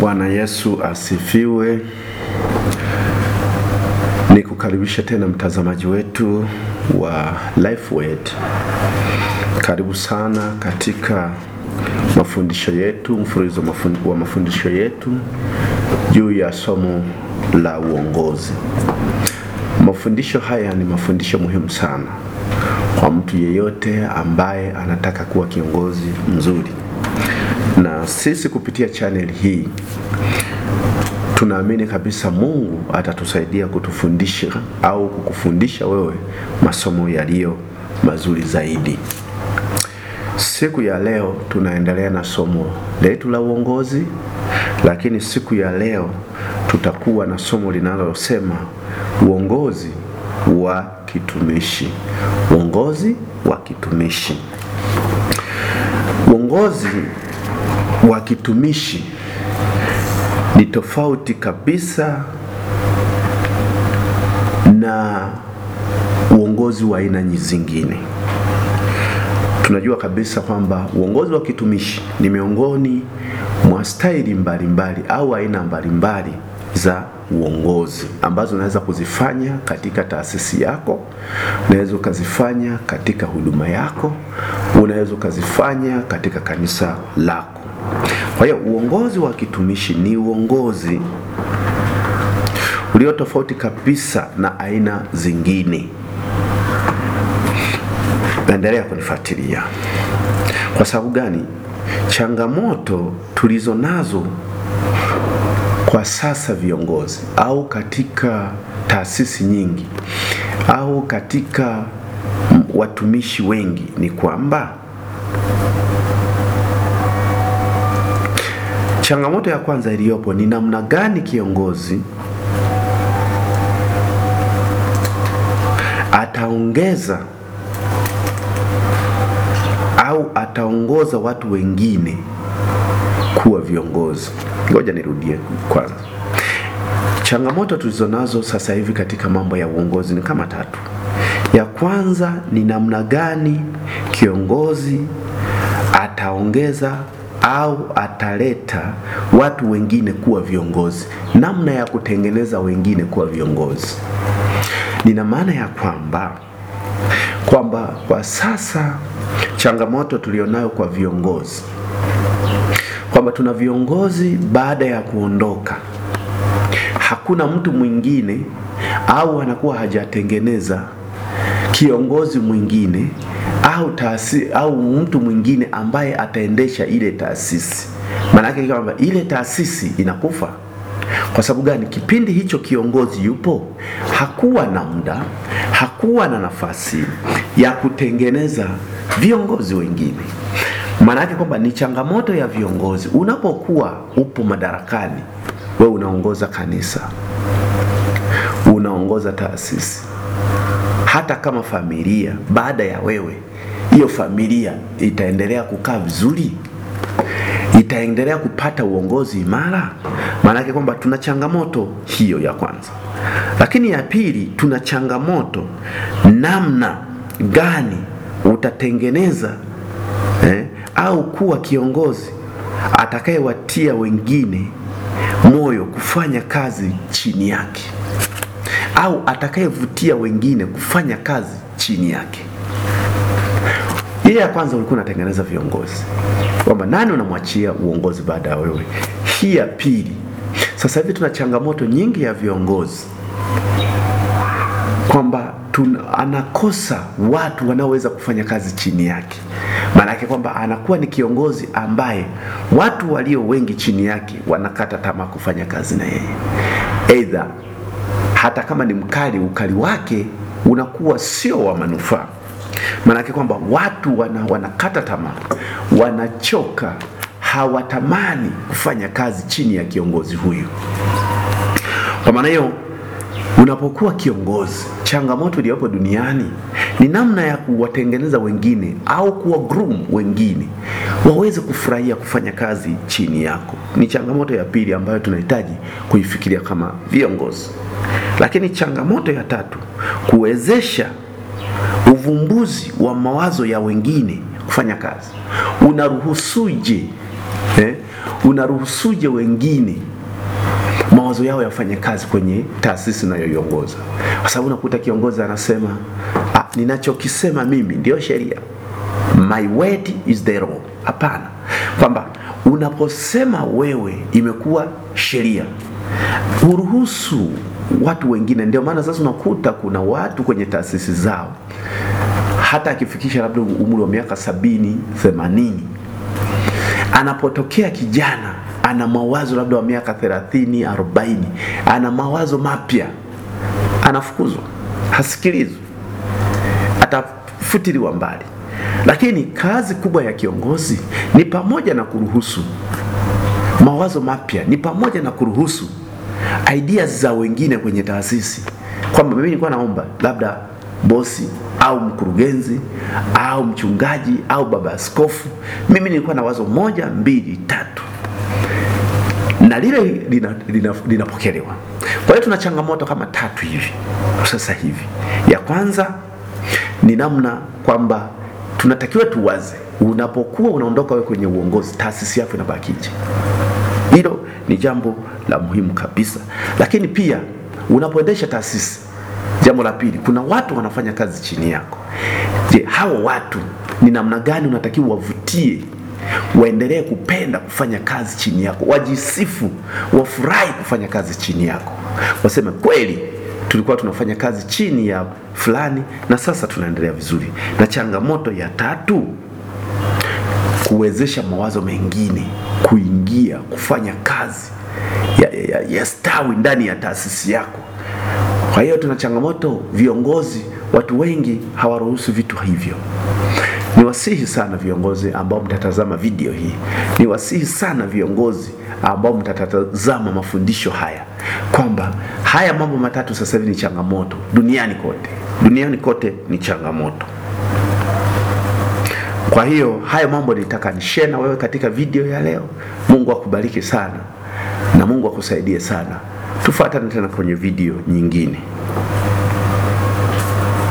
Bwana Yesu asifiwe. Nikukaribisha tena mtazamaji wetu wa Lifeword. Karibu sana katika mafundisho yetu, mfululizo wa mafundisho yetu juu ya somo la uongozi. Mafundisho haya ni mafundisho muhimu sana kwa mtu yeyote ambaye anataka kuwa kiongozi mzuri na sisi kupitia channel hii tunaamini kabisa Mungu atatusaidia kutufundisha au kukufundisha wewe masomo yaliyo mazuri zaidi. Siku ya leo tunaendelea na somo letu la uongozi, lakini siku ya leo tutakuwa na somo linalosema uongozi wa kitumishi. Uongozi wa kitumishi. Uongozi wa kitumishi ni tofauti kabisa na uongozi wa aina zingine. Tunajua kabisa kwamba uongozi wa kitumishi ni miongoni mwa staili mbalimbali au aina mbalimbali za uongozi ambazo unaweza kuzifanya katika taasisi yako, unaweza ukazifanya katika huduma yako, unaweza ukazifanya katika kanisa lako. Kwa hiyo uongozi wa kitumishi ni uongozi ulio tofauti kabisa na aina zingine. Naendelea kunifuatilia. Kwa sababu gani? Changamoto tulizo nazo kwa sasa viongozi au katika taasisi nyingi au katika watumishi wengi ni kwamba Changamoto ya kwanza iliyopo ni namna gani kiongozi ataongeza au ataongoza watu wengine kuwa viongozi. Ngoja nirudie kwanza. Changamoto tulizonazo sasa hivi katika mambo ya uongozi ni kama tatu. Ya kwanza ni namna gani kiongozi ataongeza au ataleta watu wengine kuwa viongozi, namna ya kutengeneza wengine kuwa viongozi. Nina maana ya kwamba kwamba kwa sasa changamoto tulionayo kwa viongozi kwamba tuna viongozi baada ya kuondoka hakuna mtu mwingine au anakuwa hajatengeneza kiongozi mwingine au taasisi au mtu mwingine ambaye ataendesha ile taasisi. Maana yake kwamba ile taasisi inakufa. Kwa sababu gani? Kipindi hicho kiongozi yupo, hakuwa na muda, hakuwa na nafasi ya kutengeneza viongozi wengine. Maana yake kwamba ni changamoto ya viongozi. Unapokuwa upo madarakani, we unaongoza kanisa, unaongoza taasisi, hata kama familia baada ya wewe hiyo familia itaendelea kukaa vizuri, itaendelea kupata uongozi imara. yake kwamba tuna changamoto hiyo ya kwanza, lakini ya pili, tuna changamoto namna gani utatengeneza eh, au kuwa kiongozi atakayewatia wengine moyo kufanya kazi chini yake, au atakayevutia wengine kufanya kazi chini yake. Njia ya kwanza ulikuwa unatengeneza viongozi, kwamba nani unamwachia uongozi baada ya wewe. Hii ya pili, sasa hivi tuna changamoto nyingi ya viongozi kwamba anakosa watu wanaoweza kufanya kazi chini yake. Maana yake kwamba anakuwa ni kiongozi ambaye watu walio wengi chini yake wanakata tamaa kufanya kazi na yeye, aidha hata kama ni mkali, ukali wake unakuwa sio wa manufaa. Maanake kwamba watu wana, wanakata tamaa, wanachoka, hawatamani kufanya kazi chini ya kiongozi huyu. Kwa maana hiyo unapokuwa kiongozi, changamoto iliyopo duniani ni namna ya kuwatengeneza wengine au kuwa groom wengine waweze kufurahia kufanya kazi chini yako. Ni changamoto ya pili ambayo tunahitaji kuifikiria kama viongozi. Lakini changamoto ya tatu, kuwezesha uvumbuzi wa mawazo ya wengine kufanya kazi. Unaruhusuje eh? Unaruhusuje wengine mawazo yao yafanye kazi kwenye taasisi unayoiongoza? Kwa sababu unakuta kiongozi anasema ah, ninachokisema mimi ndio sheria, my word is the law. Hapana, kwamba unaposema wewe imekuwa sheria, uruhusu watu wengine. Ndio maana sasa unakuta kuna watu kwenye taasisi zao hata akifikisha labda umri wa miaka sabini themanini anapotokea kijana ana mawazo labda wa miaka thelathini arobaini ana mawazo mapya, anafukuzwa, hasikilizwi atafutiliwa mbali. Lakini kazi kubwa ya kiongozi ni pamoja na kuruhusu mawazo mapya, ni pamoja na kuruhusu ideas za wengine kwenye taasisi, kwamba mimi nilikuwa naomba labda bosi au mkurugenzi au mchungaji au baba askofu, mimi nilikuwa na wazo moja mbili tatu, na lile linapokelewa. Kwa hiyo tuna changamoto kama tatu hivi sasa hivi. Ya kwanza ni namna kwamba tunatakiwa tuwaze, unapokuwa unaondoka wewe kwenye uongozi, taasisi yako inabakije? Hilo ni jambo la muhimu kabisa, lakini pia unapoendesha taasisi, jambo la pili, kuna watu wanafanya kazi chini yako. Je, hao watu ni namna gani unatakiwa wavutie waendelee kupenda kufanya kazi chini yako, wajisifu, wafurahi kufanya kazi chini yako, waseme kweli tulikuwa tunafanya kazi chini ya fulani na sasa tunaendelea vizuri. Na changamoto ya tatu kuwezesha mawazo mengine kuingia kufanya kazi ya, ya, ya stawi ndani ya taasisi yako. Kwa hiyo tuna changamoto, viongozi, watu wengi hawaruhusu vitu hivyo. Niwasihi sana viongozi ambao mtatazama video hii, niwasihi sana viongozi ambao mtatazama mafundisho haya kwamba haya mambo matatu sasa hivi ni changamoto duniani kote, duniani kote ni changamoto. Kwa hiyo hayo mambo nitaka nishare na wewe katika video ya leo. Mungu akubariki sana na Mungu akusaidie sana. Tufuatane tena kwenye video nyingine.